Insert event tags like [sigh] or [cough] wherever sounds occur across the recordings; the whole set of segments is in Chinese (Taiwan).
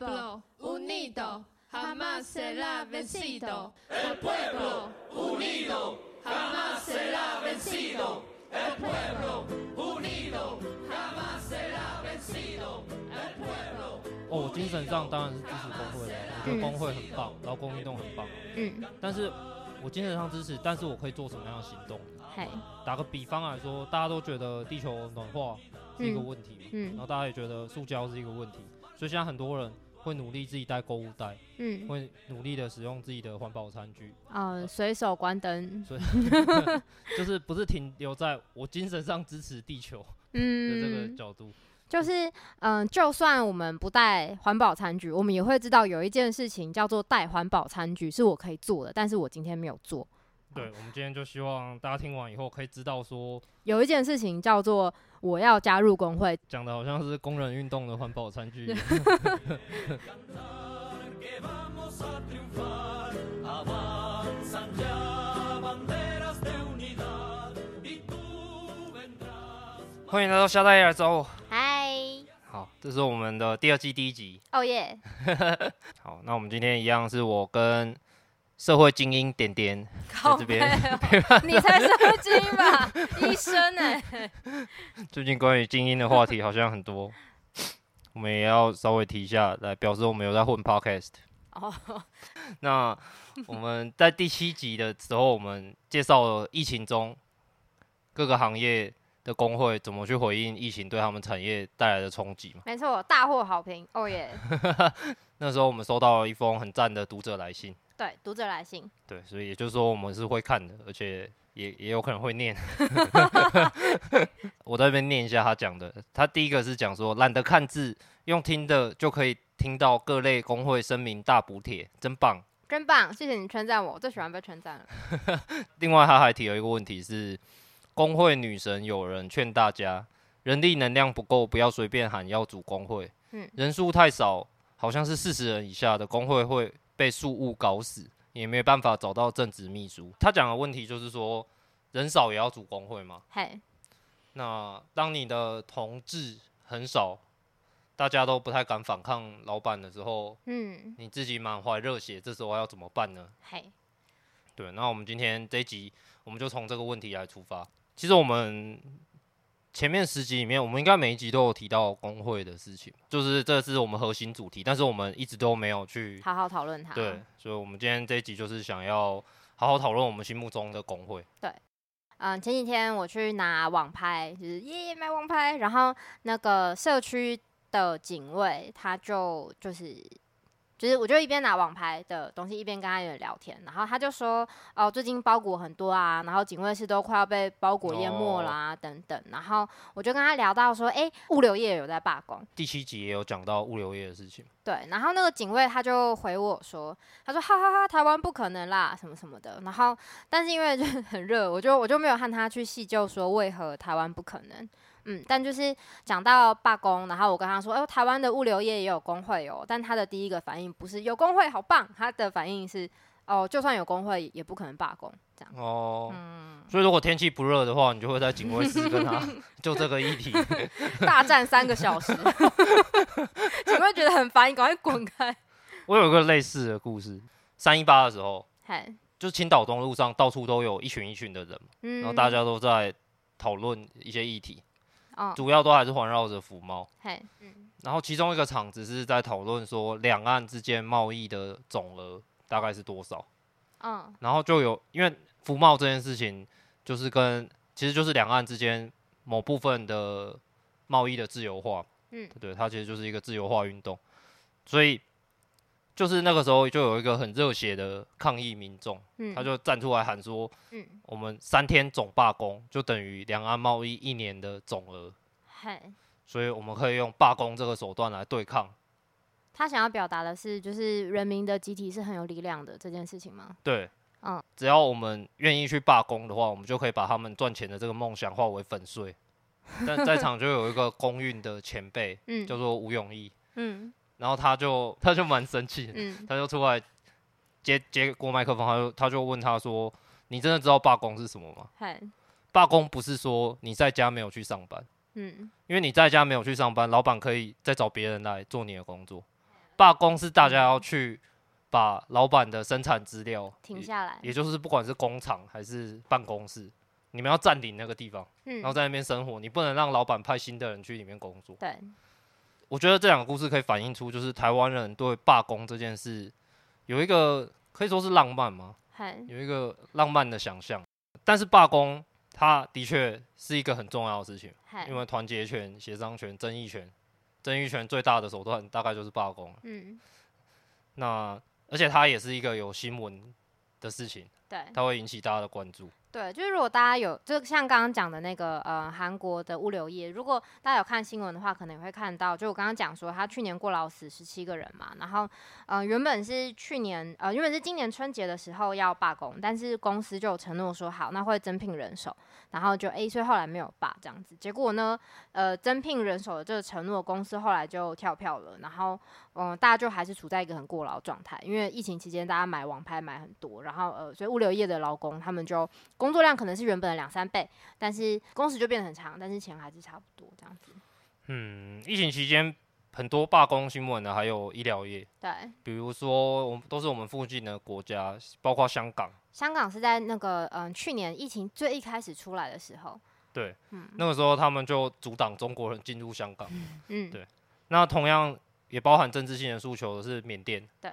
哦，我精神上當然是支持工會的，嗯，我覺得工會很棒，然後工運動很棒。嗯，但是我精神上支持，但是我可以做什麼樣的行動？嘿，打個比方來說，大家都覺得地球暖化是一個問題，嗯，然後大家也覺得塑膠是一個問題。所以現在很多人會努力自己帶購物袋，嗯，會努力的使用自己的環保餐具，嗯、呃，隨手關燈，所以 [laughs] [laughs] 就是不是停留在我精神上支持地球，嗯，這個角度，嗯、就是嗯、呃，就算我們不帶環保餐具，我們也會知道有一件事情叫做帶環保餐具是我可以做的，但是我今天沒有做。對，我們今天就希望大家聽完以後可以知道說，有一件事情叫做我要加入工會，講的好像是工人運動的環保餐具 [laughs] 、嗯呵呵。 [music] 歡迎來到夏大爺來找我。嗨。好，這是我們的第二季第一集。哦耶。好，那我們今天一樣是我跟。社會精英點點，在這邊，你才社會精英吧？ [laughs] 醫生哎、欸！最近關於精英的話題好像很多， [laughs] 我們也要稍微提一下，來表示我們有在混 podcast。哦、oh.，那我們在第七集的時候， [laughs] 我們介紹了疫情中各個行業的工會怎麼去回應疫情對他們產業帶來的衝擊嘛？沒錯，大獲好評哦耶！Oh yeah. [laughs] 那時候我們收到了一封很讚的讀者來信。對讀者來信，對，所以也就是說，我們是會看的，而且也也有可能會念。 [laughs] 我在這邊念一下他講的。他第一個是講說，懶得看字，用聽的就可以聽到各類工會聲明大補帖，真棒，真棒，謝謝你稱讚我，我最喜歡被稱讚了。 [laughs] 另外，他還提了一個問題是，工會女神有人勸大家，人力能量不夠，不要隨便喊要組工會，嗯、人數太少，好像是四十人以下的工會會被庶務搞死，也沒有辦法找到正職秘書。他講的問題就是說，人少也要組工會嘛。Hey. 那當你的同志很少，大家都不太敢反抗老闆的時候，嗯，你自己滿懷熱血，這時候要怎麼辦呢？Hey. 對，那我們今天這一集，我們就從這個問題來出發。其實我們。前面十集裡面，我們應該每一集都有提到工會的事情，就是這是我們核心主題，但是我們一直都沒有去好好討論它。對，所以，我們今天這一集就是想要好好討論我們心目中的工會。對，嗯，前幾天我去拿網拍，就是耶賣網拍，然後那個社區的警衛他就就是。就是，我就一邊拿網拍的東西，一邊跟他有聊天，然後他就說，哦，最近包裹很多啊，然後警衛室都快要被包裹淹沒了啊，哦、等等。然後我就跟他聊到說，哎、欸，物流業有在罷工，第七集也有講到物流業的事情。對，然後那個警衛他就回我說，他說哈哈哈哈，台灣不可能啦，什麼什麼的。然後，但是因為就很熱，我就我就沒有和他去細究說為何台灣不可能。嗯，但就是講到罷工，然後我跟他說，哦，台灣的物流業也有工會哦。但他的第一個反應不是有工會好棒，他的反應是，哦，就算有工會也不可能罷工。哦、oh, 嗯，所以如果天氣不熱的話，你就會在警衛室跟他 [laughs] 就這個議題 [laughs] 大戰三個小時， [laughs] 警衛覺得很煩，你趕快滾開。我有一個類似的故事，三一八的時候，hey. 就是青島東路上到處都有一群一群的人，嗯、然後大家都在討論一些議題，oh. 主要都還是環繞着服貿。Hey. 然後其中一個場子是在討論說兩岸之間貿易的總額大概是多少。嗯、oh.，然後就有，因為服貿這件事情，就是跟其實就是兩岸之間某部分的貿易的自由化，嗯，對，它其實就是一個自由化運動，所以就是那個時候就有一個很熱血的抗議民眾，嗯，他就站出來喊說，嗯，我們三天總罷工就等於兩岸貿易一年的總額，hey. 所以我們可以用罷工這個手段來對抗。他想要表達的是，就是人民的集體是很有力量的這件事情嗎？對，嗯，只要我們願意去罷工的話，我們就可以把他們賺錢的這個夢想化為粉碎。 [laughs] 但在場就有一個公運的前輩、嗯，叫做吳永義，嗯，然後他就他就蠻生氣、嗯，他就出來接接過麥克風，他就他就問他說：“你真的知道罷工是什麼嗎？”“罷工不是說你在家沒有去上班，嗯，因為你在家沒有去上班，老闆可以再找別人來做你的工作。”罷工是大家要去把老闆的生產資料停下來，也就是不管是工廠還是辦公室，你們要占領那個地方，嗯、然後在那邊生活，你不能讓老闆派新的人去裡面工作。對，我覺得這兩個故事可以反映出，就是台灣人對罷工這件事有一個可以說是浪漫嗎？嗯、有一個浪漫的想象，但是罷工它的確是一個很重要的事情，嗯、因為團結權、協商權、爭議權。爭議權最大的手段大概就是罷工，嗯。嗯，那而且它也是一個有新聞的事情，對，它會引起大家的關注。對，就是如果大家有，就像剛剛講的那個，呃，韓國的物流業，如果大家有看新聞的話，可能也會看到，就我剛剛講說，他去年過勞死十七個人嘛，然後，呃，原本是去年，呃，原本是今年春節的時候要罷工，但是公司就有承諾說好，那會增聘人手，然後就，誒，所以後來沒有罷，這樣子，結果呢，呃，增聘人手的這個承諾，公司後來就跳票了，然後。嗯，大家就還是處在一個很過勞的狀態，因為疫情期間大家買網拍買很多，然後呃，所以物流業的勞工他們就工作量可能是原本的兩三倍，但是工時就變得很長，但是錢還是差不多這樣子。嗯，疫情期間很多罷工新聞呢，還有醫療業，對，比如說我們都是我們附近的國家，包括香港。香港是在那個嗯去年疫情最一開始出來的時候，對，嗯，那個時候他們就阻擋中國人進入香港。嗯，對，那同樣。也包含政治性的訴求的是緬甸，對，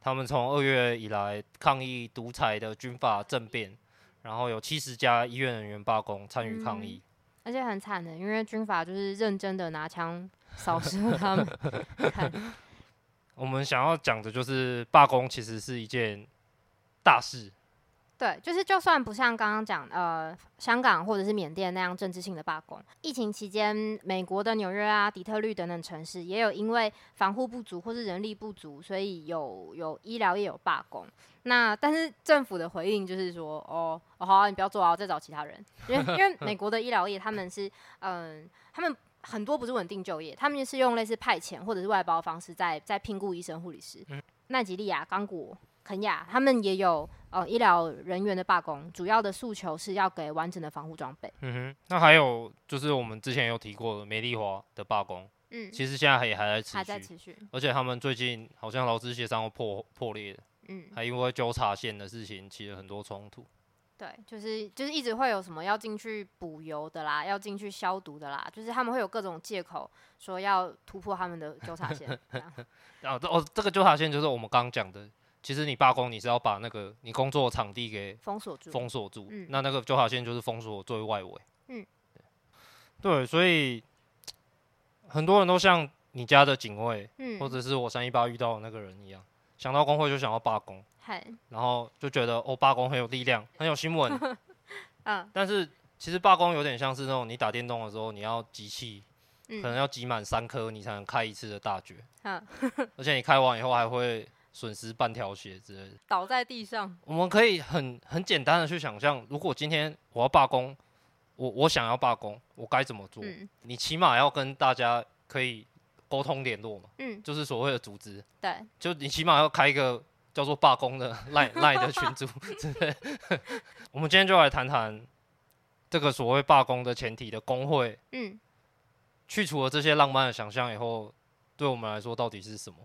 他們從二月以來抗議獨裁的軍閥政變，然後有七十家醫院人員罷工參與抗議，嗯，而且很慘的，因為軍閥就是認真的拿槍掃射他們。 [laughs] [laughs] 我們想要講的就是罷工其實是一件大事。對，就是就算不像剛剛講呃，香港或者是緬甸那樣政治性的罷工，疫情期間，美國的紐約啊、底特律等等城市也有因為防護不足或者人力不足，所以有有醫療業有罷工。那但是政府的回應就是說，哦，哦好、啊，你不要做啊，我再找其他人。因為因為美國的醫療業他們是嗯、呃，他們很多不是穩定就業，他們就是用類似派遣或者是外包方式在在聘雇醫生、護理師、嗯。奈吉利亞、剛果。肯亞他們也有呃醫療人員的罷工，主要的訴求是要給完整的防護裝備。嗯哼，那還有就是我們之前有提過的美麗華的罷工，嗯，其實現在也還在持續，還在持續。而且他們最近好像勞資協商破破裂了，嗯，還因為糾察線的事情起了很多衝突。對，就是就是一直會有什麼要進去補油的啦，要進去消毒的啦，就是他們會有各種借口說要突破他們的糾察線。然 [laughs] 後、啊、哦，這個糾察線就是我們剛講的。其實你罷工，你是要把那個你工作的場地給封鎖住，嗯、封鎖住。那那個就好像就是封鎖最外圍、嗯。對，所以很多人都像你家的警衛、嗯，或者是我三一八遇到的那個人一樣，想到工會就想要罷工、Hi，然後就覺得哦，罷工很有力量，很有新聞 [laughs] 但是其實罷工有點像是那種你打電動的時候，你要集氣、嗯、可能要集滿三顆你才能開一次的大絕。 [laughs] 而且你開完以後還會。損失半條血之類的，倒在地上。我們可以很很簡單的去想象，如果今天我要罷工，我我想要罷工，我該怎麼做？嗯，你起碼要跟大家可以溝通聯絡嘛。嗯，就是所謂的組織。對，就你起碼要開一個叫做罷工的賴賴的群組， [laughs] 之類，我們今天就來談談這個所謂罷工的前提的工會。嗯，去除了這些浪漫的想象以後，對我們來說到底是什麼？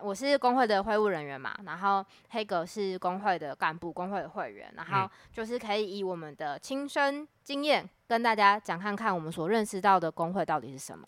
我是工會的會務人員嘛，然後黑格是工會的幹部、工會的會員，然後就是可以以我們的親身經驗跟大家講看看我們所認識到的工會到底是什麼。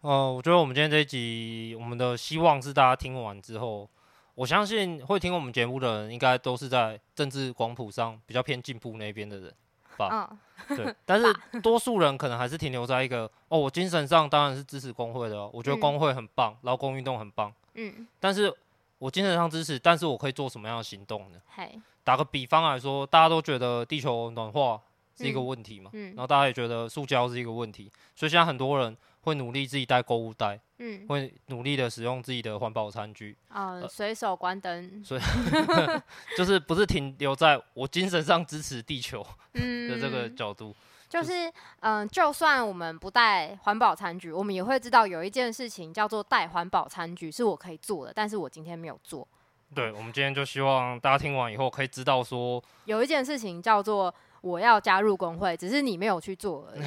呃、嗯，我覺得我們今天這一集，我們的希望是大家聽完之後，我相信會聽我們節目的人，應該都是在政治廣譜上比較偏進步那邊的人。嗯、哦，對，但是多數人可能還是停留在一個哦，我精神上當然是支持工會的，哦，我覺得工會很棒，勞、嗯、工運動很棒。嗯，但是我精神上支持，但是我可以做什麼樣的行動呢？嘿，打個比方來說，大家都覺得地球暖化是一個問題嘛，嗯、然後大家也覺得塑膠是一個問題，所以現在很多人。會努力自己帶購物袋，嗯，會努力的使用自己的環保餐具，嗯，呃、隨手關燈，所以 [laughs] [laughs] 就是不是停留在我精神上支持地球的這個角度，嗯、就是嗯、就是呃，就算我們不帶環保餐具，我們也會知道有一件事情叫做帶環保餐具是我可以做的，但是我今天沒有做。對，我們今天就希望大家聽完以後可以知道說，有一件事情叫做。我要加入工會，只是你沒有去做而已。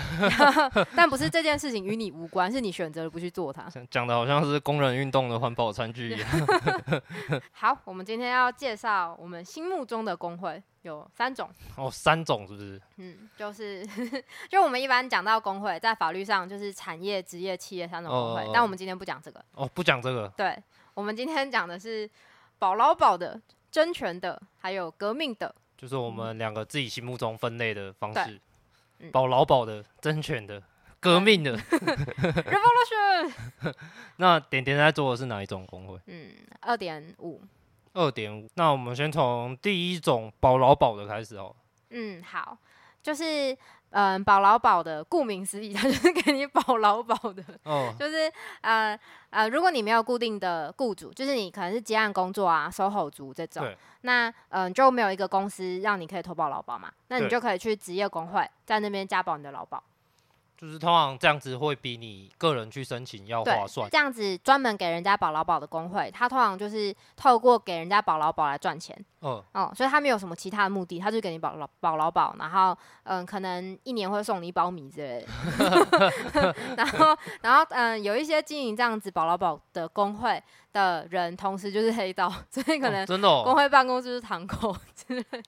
[laughs] [laughs] 但不是這件事情與你無關，是你選擇不去做它。講的好像是工人運動的環保餐具一樣。 [laughs] [laughs] 好，我們今天要介紹我們心目中的工會有三種。哦，三種是不是？嗯，就是 [laughs] 就我們一般講到工會，在法律上就是產業、職業、企業三種工會。哦哦哦，但我們今天不講這個。哦，不講這個。對，我們今天講的是保勞保的、爭權的，還有革命的。就是我們兩個自己心目中分類的方式，嗯、保勞保的、爭權的、革命的 [laughs] （revolution） [laughs] 。那點點在做的是哪一種工會？嗯，二點五。二點五。那我們先從第一種保勞保的開始哦。嗯，好，就是。嗯，保勞保的，顧名思義，他就是給你保勞保的。Oh. 就是呃呃，如果你沒有固定的雇主，就是你可能是接案工作啊、SOHO 族這種，那嗯就沒有一個公司讓你可以投保勞保嘛，那你就可以去職業工會在那邊加保你的勞保。就是通常這樣子會比你個人去申請要划算。這樣子專門給人家保勞保的工會，他通常就是透過給人家保勞保來賺錢。哦、嗯，哦、嗯，所以他沒有什麼其他的目的，他就給你保勞保勞保，然後嗯，可能一年會送你一包米之類的。 [laughs] [laughs] [laughs] 然後，然後嗯，有一些經營這樣子保勞保的工會的人，同時就是黑道，所以可能真的工會辦公室就是堂口之類 [laughs]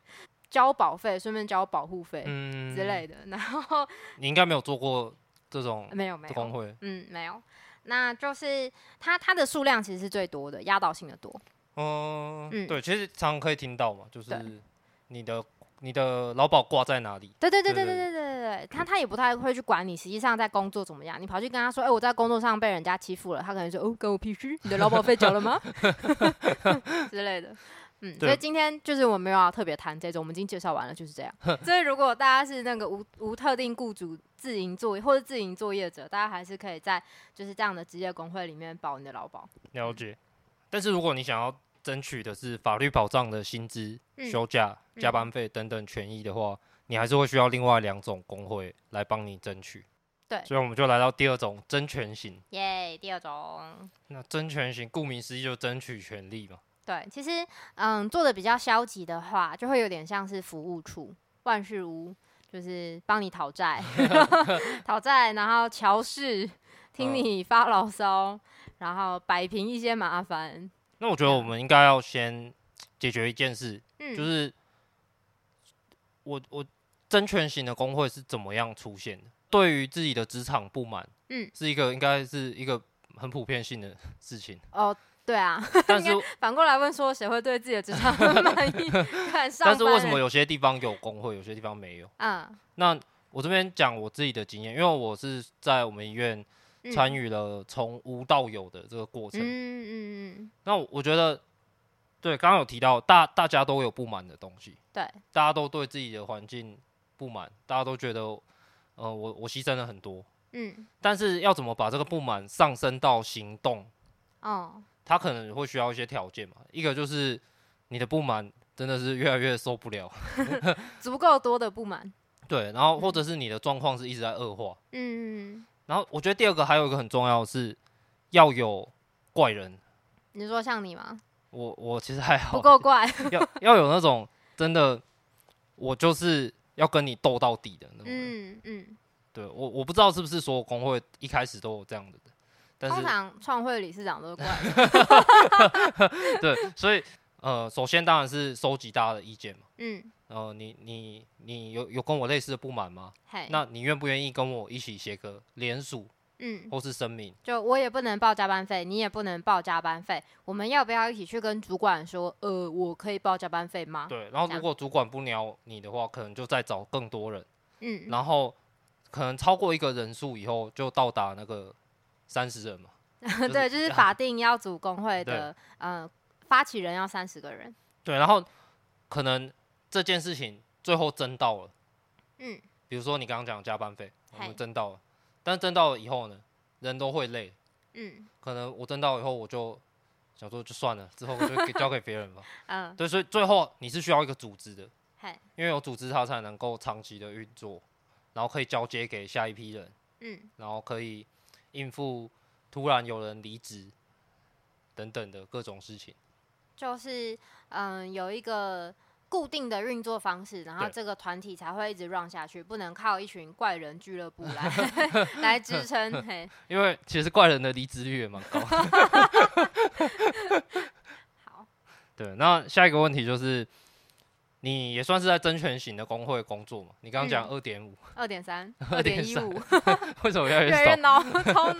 交保費，順便交保護費、嗯、之類的。然後你應該沒有做過這種、嗯、沒有沒有工會，嗯，沒有。那就是他他的數量其實是最多的，壓倒性的多、呃。嗯，對，其實常常可以聽到嘛，就是你的你的勞保掛在哪裡？對對對對對對對對，對，對他對他也不太會去管你，實際上在工作怎麼樣？你跑去跟他說，哎、欸，我在工作上被人家欺負了，他可能說，哦，關我屁事。你的勞保費繳了嗎？ [laughs] [laughs] [laughs] 之類的。嗯，所以今天就是我們沒有要特別談這種，我們已經介紹完了，就是這樣。 [laughs] 所以如果大家是那個無無特定雇主自營作業或者自營作業者，大家還是可以在就是這樣的職業工會裡面保你的勞保。了解。但是如果你想要爭取的是法律保障的薪資、嗯、休假、加班費等等權益的話、嗯，你還是會需要另外兩種工會來幫你爭取。對。所以我們就來到第二種，爭權型。耶，yeah，第二種。那爭權型，顧名思義，就爭取權利嘛。對，其實嗯，做的比較消極的話，就會有點像是服務處，萬事屋，就是幫你討債、討 [laughs] 債， [laughs] 然後喬事、聽你發牢騷、呃，然後擺平一些麻煩。那我覺得我們應該要先解決一件事，嗯、就是我我爭權型的工會是怎麼樣出現的？對於自己的職場不滿，嗯，是一個應該是一個很普遍性的事情哦。對啊，但是 [laughs] 反過來問說，誰會對自己的職場很滿意？ [laughs] [laughs] 但是為什麼有些地方有工會，有些地方沒有？嗯，那我這邊講我自己的經驗，因為我是在我們醫院參與了從無到有的這個過程。嗯嗯嗯。那我覺得，對，剛剛有提到，大大家都有不滿的東西。對，大家都對自己的環境不滿，大家都覺得，呃，我我犧牲了很多。嗯，但是要怎麼把這個不滿上升到行動？哦、嗯。他可能會需要一些條件嘛，一個就是你的不滿真的是越來越受不了， [laughs] 足夠多的不滿，對，然後或者是你的狀況是一直在惡化，嗯，然後我覺得第二個還有一個很重要的是要有怪人，你說像你嗎？我我其實還好，不夠怪， [laughs] 要要有那種真的我就是要跟你鬥到底的那種，嗯嗯，對，我我不知道是不是所有工會一開始都有這樣子的。通常創會理事長都是怪的。 [laughs] [laughs] 對，所以呃，首先當然是收集大家的意見嘛。嗯，然後，呃，你你你有有跟我類似的不滿嗎？嘿，那你願不願意跟我一起寫個連署？嗯，或是聲明？就我也不能報加班費，你也不能報加班費。我們要不要一起去跟主管說？呃，我可以報加班費嗎？對，然後如果主管不鳥你的話，可能就再找更多人。嗯，然後可能超過一個人數以後，就到達那個。三十人嘛， [laughs] 對、就是，就是法定要組工會的，呃，發起人要三十個人。對，然後可能這件事情最後爭到了，嗯，比如說你剛剛講加班費，我們爭到了，但爭到了以後呢，人都會累，嗯，可能我爭到了以後我就想說就算了，之後我就交給別人吧，嗯， [laughs] 對，所以最後你是需要一個組織的，嗯、因為有組織它才能夠長期的運作，然後可以交接給下一批人，嗯，然後可以。應付突然有人離職等等的各種事情，就是嗯，有一個固定的運作方式，然後這個團體才會一直 run 下去，不能靠一群怪人俱樂部來 [laughs] 來支撐撐 [laughs] 。因為其實怪人的離職率也蠻高的。好， [laughs] [laughs] 對，那下一個問題就是。你也算是在爭權型的工會工作嘛？你剛剛講二點五，二點三，二點一五，為什麼要 [laughs] 越來越少？超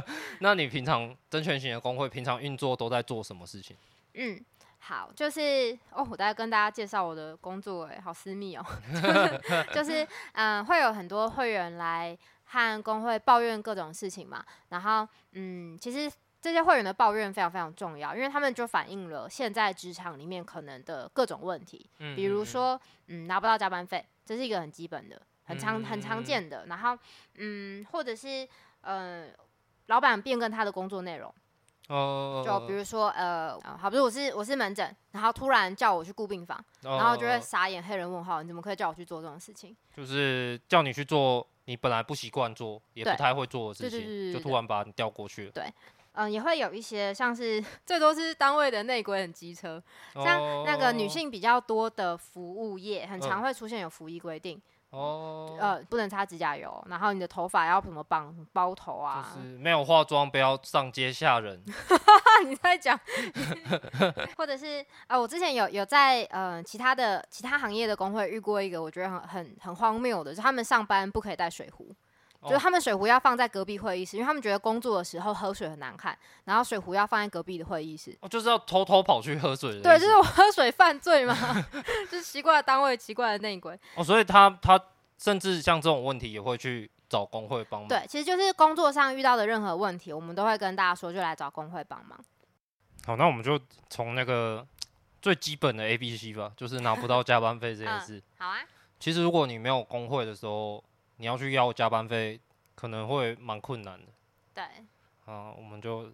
[laughs] 那你平常爭權型的工會平常運作都在做什麼事情？嗯，好，就是哦，我在跟大家介紹我的工作、欸，哎，好私密哦、喔， [laughs] 就是嗯、 [laughs] 就是呃，會有很多會員來和工會抱怨各種事情嘛，然後嗯，其實。這些會員的抱怨非常非常重要，因為他們就反映了現在職場裡面可能的各種問題、嗯，比如說，嗯，拿不到加班費，這是一個很基本的、很常、很常見的。嗯、然後，嗯，或者是，呃，老闆變更他的工作內容、呃，就比如說，呃，好，比如我是我是門診，然後突然叫我去顧病房、呃，然後就會傻眼，黑人問號，你怎麼可以叫我去做這種事情？就是叫你去做你本來不習慣做，也不太會做的事情，對對對對，就突然把你調過去了，對。嗯，也會有一些像是，最多是單位的內規很機車，像那個女性比較多的服務業，很常會出現有服役規定，哦，嗯嗯，呃，不能擦指甲油，然後你的頭髮要什麼綁包頭啊，就是沒有化妝不要上街嚇人。 [laughs] 你在講講笑， [laughs] [laughs] 或者是啊，呃，我之前有有在嗯，呃，其他的，其他，的其他行業的工會遇過一個，我覺得很很很荒謬的，就是他們上班不可以帶水壺。就是他們水壺要放在隔壁會議室，因為他們覺得工作的時候喝水很難看，然後水壺要放在隔壁的會議室。哦，就是要偷偷跑去喝水。對，就是我喝水犯罪嘛， [laughs] [laughs] 就是奇怪的單位，奇怪的內鬼。哦，所以他他甚至像這種問題也會去找工會幫忙。對，其實就是工作上遇到的任何問題，我們都會跟大家說，就來找工會幫忙。好，那我們就從那個最基本的 A B C 吧，就是拿不到加班費這件事、 [laughs] 嗯。好啊。其實如果你沒有工會的時候，你要去要加班費，可能會蠻困難的。對。好、啊，我們就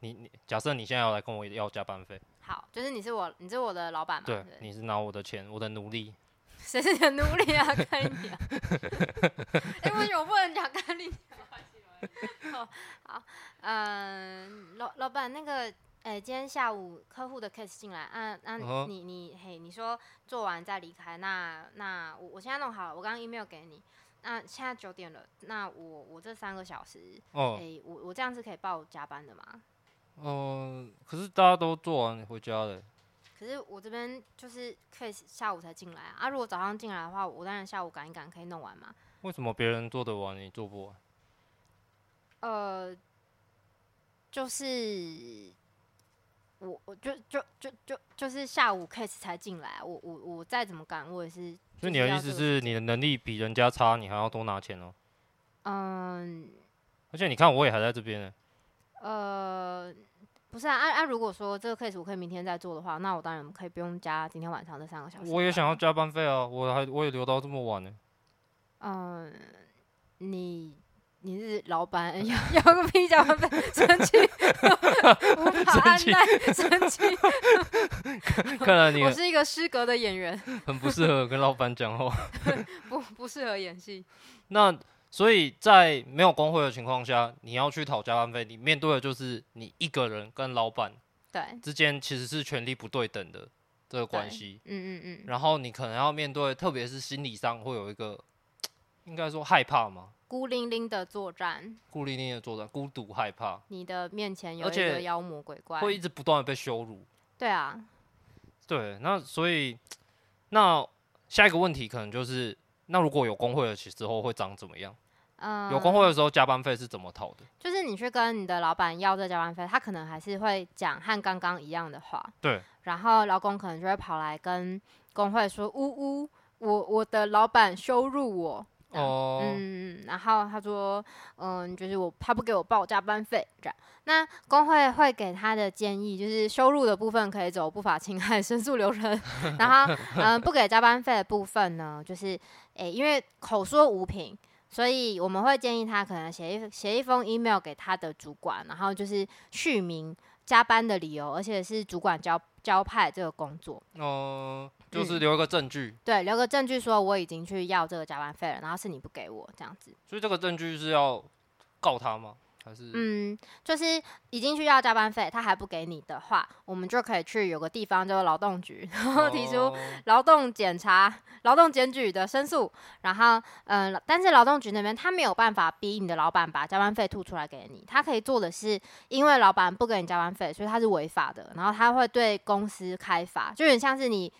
你你假設你現在要來跟我要加班費。好，就是你是我，你是我的老板嘛？對是是。你是拿我的錢，我的努力。誰是你的奴隸啊？甘力、啊。因 [laughs] 為、 [laughs] [laughs] 欸、我不能講甘力。好，好，嗯，老老板那個，哎、欸，今天下午客戶的 case 進來，啊，那、啊 uh -huh. 你你嘿，你說做完再離開，那那我我現在弄好了，我剛剛 email 給你。那現在九點了，那我我這三個小時可以，哎、哦，我我這樣是可以報加班的嗎？嗯、呃，可是大家都做完回家了、欸。可是我這邊就是 case 下午才進來啊，啊，如果早上進來的話，我當然下午趕一趕可以弄完嘛。為什麼別人做得完你做不完？呃，就是我我就就就就就是下午 case 才進來、啊，我我我再怎麼趕我也是。就你的意思是，你的能力比人家差，你還要多拿錢哦？嗯。而且你看，我也還在這邊呢。呃，不是啊，啊啊！如果說這個 case 我可以明天再做的話，那我當然可以不用加今天晚上這三個小時。我也想要加班費啊！我還我也留到這麼晚呢。嗯，你。你是老闆，要個屁！講完生氣，我怕你生氣。我是一個失格的演員，很不適合跟老闆講話 [laughs] 不，不不適合演戲。 [laughs] 那所以在沒有工會的情況下，你要去討加班費，你面對的就是你一個人跟老闆對之間其實是權力不對等的這個關係。嗯嗯嗯。然後你可能要面對，特別是心理上會有一個，應該說害怕嘛。孤零零的作戰，孤零零的作戰，孤獨害怕。你的面前有一個妖魔鬼怪，會一直不斷的被羞辱。對啊，對，那所以那下一個問題可能就是，那如果有工會了，其之後會漲怎麼樣，嗯？有工會的時候，加班費是怎麼討的？就是你去跟你的老板要這加班費，他可能還是會講和剛剛一樣的話。對，然後勞工可能就會跑來跟工會說：“嗚、嗯、嗚、嗯，我我的老板羞辱我。”哦、嗯，oh. 嗯，然後他說，嗯，就是我他不給我報加班費，這樣，那工會會給他的建議就是收入的部分可以走不法侵害申訴流程 [laughs] 然後，嗯，不給加班費的部分呢，就是，誒，因為口說無憑，所以我們會建議他可能寫一寫一封 email 給他的主管，然後就是述明加班的理由，而且是主管交交派這個工作。哦、oh.。就是留一個證據、嗯，對，留個證據說我已經去要這個加班費了，然後是你不給我這樣子。所以這個證據是要告他嗎？還是嗯，就是已經去要加班費，他還不給你的話，我們就可以去有個地方，就是勞動局，然後提出勞動檢查、哦、勞動檢舉的申訴。然後嗯、呃，但是勞動局那邊他沒有辦法逼你的老闆把加班費吐出來給你，他可以做的是，因為老闆不給你加班費，所以他是違法的，然後他會對公司開罰，就有點像是你，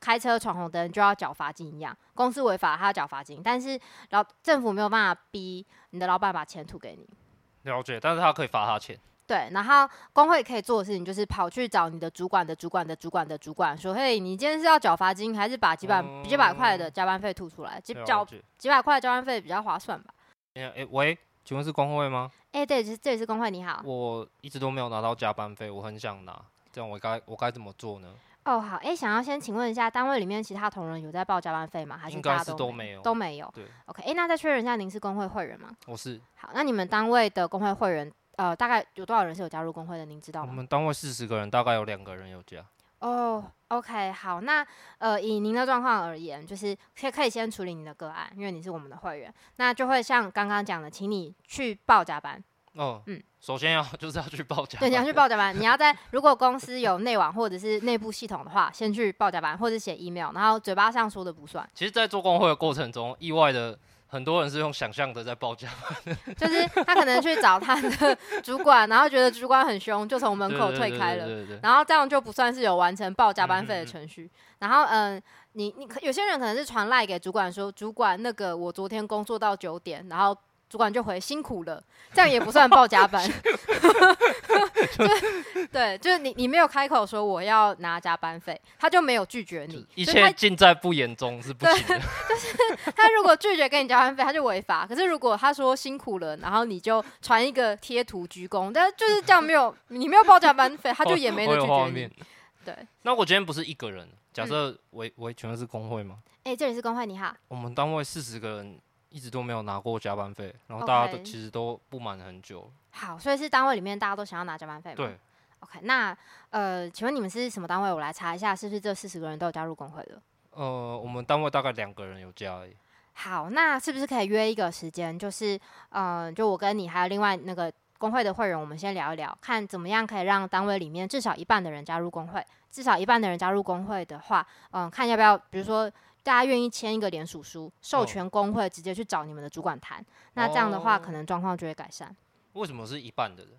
開車闖紅燈就要繳罰金一樣，公司違法他要繳罰金，但是老政府沒有辦法逼你的老板把錢吐給你。了解，但是他可以罰他錢。對，然後工會可以做的事情就是跑去找你的主管的主管的主管的主管，說嘿，你今天是要繳罰金，還是把幾百、嗯、幾百塊的加班費吐出來？繳幾，幾百塊的加班費比較划算吧？哎、欸、哎、欸，喂，請問是工會嗎？哎、欸，對，這裡是工會，你好。我一直都沒有拿到加班費，我很想拿，這樣我該我該怎麼做呢？哦，好，哎、欸，想要先請問一下，單位裡面其他同仁有在報加班費嗎？還是大家都沒？應該是都沒有。都沒有。對，OK，哎、欸，那再確認一下，您是工會會員嗎？我是。好，那你們單位的工會會員，呃，大概有多少人是有加入工會的？您知道嗎？我們單位四十個人，大概有兩個人有加。哦、oh，OK，好，那呃，以您的狀況而言，就是可可以先處理您的個案，因為你是我們的會員，那就會像剛剛講的，請你去報加班。哦，嗯，首先要就是要去報加。對，你要去報加班。 [laughs] 你要在如果公司有內網或者是內部系統的話，先去報加班或者寫 email，然後嘴巴上說的不算。其實，在做工會的過程中，意外的很多人是用想象的在報加。就是他可能去找他的主管， [laughs] 然後覺得主管很凶，就從門口退開了，對對對對對對對對，然後這樣就不算是有完成報加班費的程序嗯嗯嗯。然後，嗯，你你有些人可能是傳 LINE、like、給主管說，主管那個我昨天工作到九點，然後。主管就回辛苦了，這樣也不算報加班。 [laughs] [laughs] 對，就是你，你沒有開口說我要拿加班費，他就沒有拒絕你。一切盡在不言中是不行的。對，就是他如果拒絕給你加班費，他就違法。可是如果他說辛苦了，然後你就傳一個貼圖鞠躬，但就是這樣沒有，你沒有報加班費，他就也沒能拒絕你。對， [laughs] 那我今天不是一個人，假設我、嗯、我全是工會嗎？哎、欸，這裡是工會，你好。我們單位四十個人。一直都沒有拿過加班費，然後大家都其實都不滿很久。Okay. 好，所以是單位裡面大家都想要拿加班費嗎？對。OK，那呃，請問你們是什麼單位？我來查一下，是不是這四十個人都有加入工會的？呃，我們單位大概兩個人有加而已。好，那是不是可以約一個時間？就是呃，就我跟你還有另外那個工會的會員，我們先聊一聊，看怎麼樣可以讓單位裡面至少一半的人加入工會。至少一半的人加入工會的話，嗯、呃，看要不要，比如說。大家願意簽一個聯署書，授權工會直接去找你們的主管談，哦，那這樣的話，哦，可能狀況就會改善。為什麼是一半的人？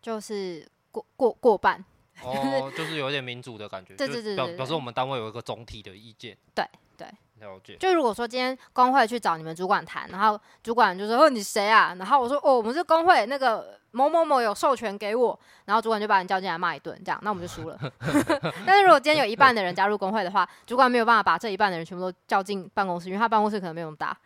就是過過過半哦，就是有點民主的感覺。 [laughs] 表對，對，對對對，表示我們單位有一個總體的意見。對對。就如果說今天工會去找你們主管談，然後主管就說：“哦，你誰啊？”然後我說：“哦，我們是工會，那個某某某有授權給我。”然後主管就把你叫進來罵一頓，這樣那我們就輸了。 [laughs] [laughs] 但是如果今天有一半的人加入工會的話，主管沒有辦法把這一半的人全部都叫進辦公室，因為他辦公室可能沒那麼大。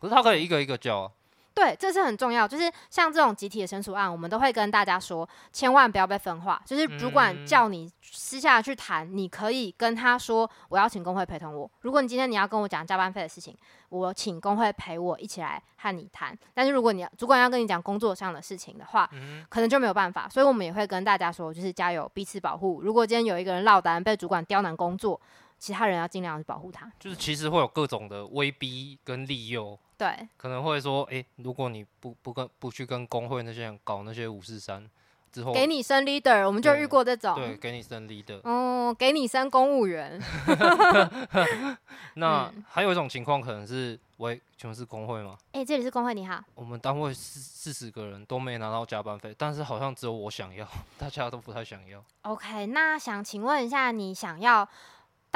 可是他可以一個一個叫啊。對，這是很重要。就是像這種集體的申訴案，我們都會跟大家說，千萬不要被分化。就是主管叫你私下去談，你可以跟他說：“我要請工會陪同我。”如果你今天你要跟我講加班費的事情，我請工會陪我一起來和你談。但是如果你要主管要跟你講工作上的事情的話，可能就沒有辦法。所以我們也會跟大家說，就是加油，彼此保護。如果今天有一個人落單，被主管刁難工作。其他人要盡量去保護他，就是其實會有各種的威逼跟利誘，對，可能會說，哎、欸，如果你不不跟不去跟工會那些人搞那些五四三之後，給你升 leader，我們就遇過這種，對，對給你升 leader，哦、嗯，給你升公務員。 [laughs] [laughs] 那、嗯、還有一種情況可能是，喂，全是工會嗎？哎、欸，這裡是工會，你好，我們單位四四十個人都沒拿到加班費，但是好像只有我想要，大家都不太想要。OK，那想請問一下，你想要？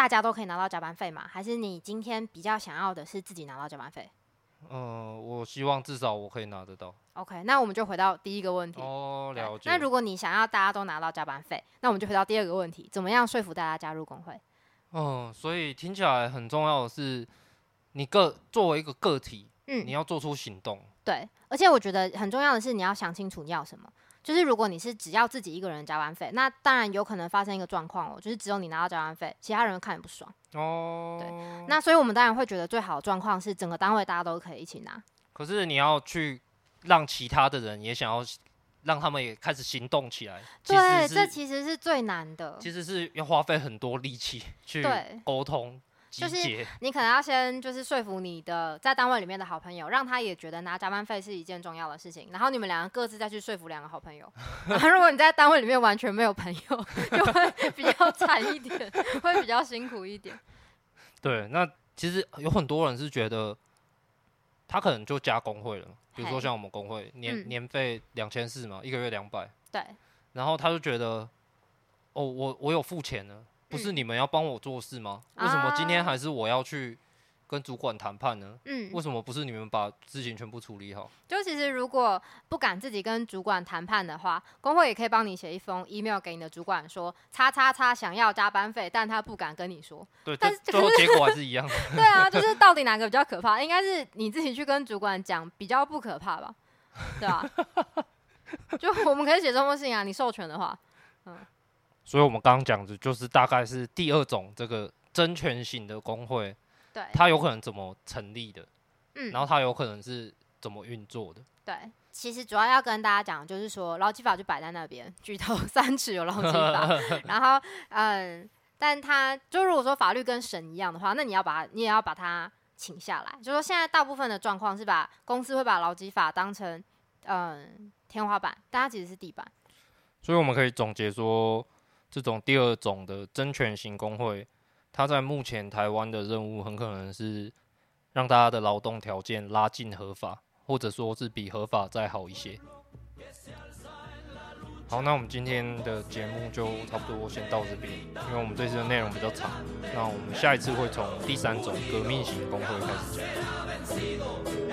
大家都可以拿到加班費嗎？還是你今天比較想要的是自己拿到加班費？嗯、呃，我希望至少我可以拿得到。OK，那我們就回到第一個問題。哦，了解。那如果你想要大家都拿到加班費，那我們就回到第二個問題：怎麼樣說服大家加入工會？嗯、呃，所以聽起來很重要的是，你個作為一個個體，嗯，你要做出行動。對，而且我覺得很重要的是，你要想清楚你要什麼。就是如果你是只要自己一個人加班費，那當然有可能發生一個狀況哦，就是只有你拿到加班費，其他人看也不爽哦。對，那所以我們當然會覺得最好的狀況是整個單位大家都可以一起拿。可是你要去讓其他的人也想要，讓他們也開始行動起來。對，這其實是最難的。其實是要花費很多力氣去溝通。就是你可能要先就是說服你的在單位裡面的好朋友，讓他也覺得拿加班費是一件重要的事情，然後你們兩個各自再去說服兩個好朋友。 [laughs] 然後如果你在單位裡面完全沒有朋友， [laughs] 就會比較慘一點， [laughs] 會比較辛苦一點。對，那其實有很多人是覺得，他可能就加工會了，比如說像我們工會年、嗯、年費兩千四嘛，一個月兩百，對，然後他就覺得，哦，我我有付錢了。嗯，不是你們要幫我做事嗎？為什麼今天還是我要去跟主管談判呢？嗯，為什麼不是你們把事情全部處理好？就其實如果不敢自己跟主管談判的話，工會也可以幫你寫一封 email 給你的主管，說“叉叉叉”想要加班費，但他不敢跟你說。對，但是最後結果還是一樣的。 [laughs] 對啊，就是到底哪個比較可怕？ [laughs] 應該是你自己去跟主管講比較不可怕吧？對吧？ [laughs] 就我們可以寫這封信啊，你授權的話，嗯。所以，我們剛剛講的就是大概是第二種這個爭權型的工會，對，它有可能怎麼成立的，嗯，然後它有可能是怎麼運作的，對，其實主要要跟大家講的就是說勞基法就擺在那邊，舉頭三尺有勞基法， [laughs] 然後嗯，但它就如果說法律跟神一樣的話，那你要把它，你也要把它請下來，就說現在大部分的狀況是把公司會把勞基法當成嗯天花板，但它其實是地板，所以我們可以總結說。這種第二種的爭權型工會，他在目前台灣的任務很可能是讓大家的勞動條件拉近合法，或者說是比合法再好一些。好，那我們今天的節目就差不多先到這邊，因為我們這次的內容比較長，那我們下一次會從第三種革命型工會開始講。